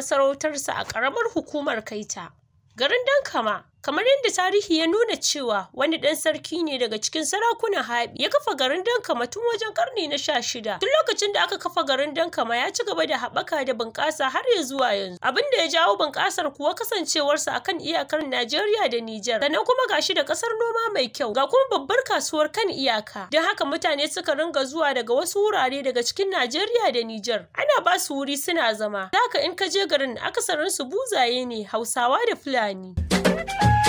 masarautarsa a ƙaramar hukumar Kaita, garin Dankama. kamar yadda tarihi ya nuna cewa wani ɗan sarki ne daga cikin sarakunan haɓi ya kafa garin dankama tun wajen ƙarni na sha shida tun lokacin da aka kafa garin dankama ya ci gaba da haɓaka da bunƙasa har ya zuwa yanzu abin da ya jawo bunƙasar kuwa kasancewarsa akan iyakar najeriya da nijar sannan kuma ga shi da ƙasar noma mai kyau ga kuma babbar kasuwar kan iyaka don haka mutane suka ringa zuwa daga wasu wurare daga cikin najeriya da nijar ana ba su wuri suna zama haka in ka je garin akasarinsu buzaye ne hausawa da fulani you.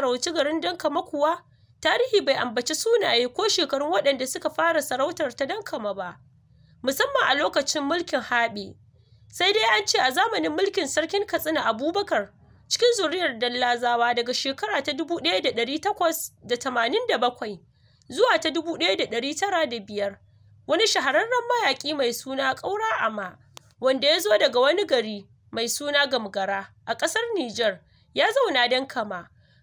sarauci garin Dankama kuwa tarihi bai ambaci sunaye ko shekarun waɗanda suka fara sarautar ta Dankama ba musamman a lokacin mulkin haɓe sai dai an ce a zamanin mulkin sarkin Katsina Abubakar cikin zuriyar Dallazawa daga shekara ta 1887 zuwa ta 1905 wani shahararren mayaƙi mai suna Ƙaura Ama wanda ya zo daga wani gari mai suna Gamgara a ƙasar Nijar ya zauna don kama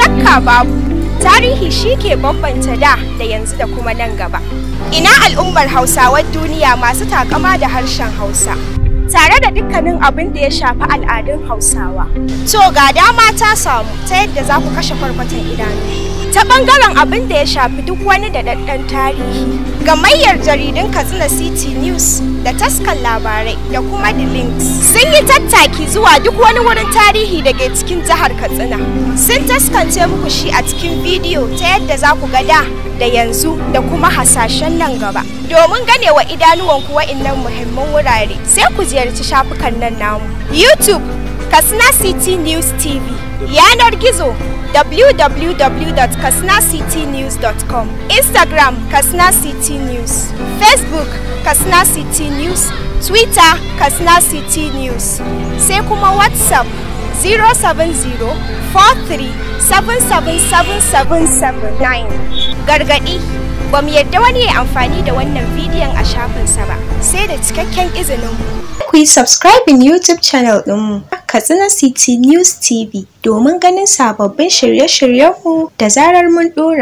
shakka babu tarihi shi ke bambanta da da yanzu da kuma nan gaba ina al'ummar Hausawar duniya masu takama da harshen hausa tare da dukkanin abin da ya shafi al'adun hausawa to ga dama ta samu ta yadda za ku kashe farfatan idanu ta bangaren abin da ya shafi duk wani da daddan tarihi gamayyar jaridun katsina city news da taskan labarai da kuma the links sun yi tattaki zuwa duk wani wurin tarihi da ke cikin jihar katsina sun taskance muku shi a cikin bidiyo ta yadda za ku ga da da yanzu da kuma hasashen nan gaba domin ganewa idanuwanku wa'innan muhimman wurare sai ku ziyarci shafukan nan namu youtube Kasna City News TV yanar gizo www.kasnacitynews.com Instagram Kasna City News Facebook Kasna City News Twitter Kasna City News sai kuma WhatsApp 070 gargadi ba mu yadda wani ya amfani da wannan bidiyon a shafinsa ba sai da cikakken izinin mu. Ku yi subscribing YouTube channel ɗinmu Katsina City News TV domin ganin sababbin shirye-shiryenmu da zarar mun ɗora.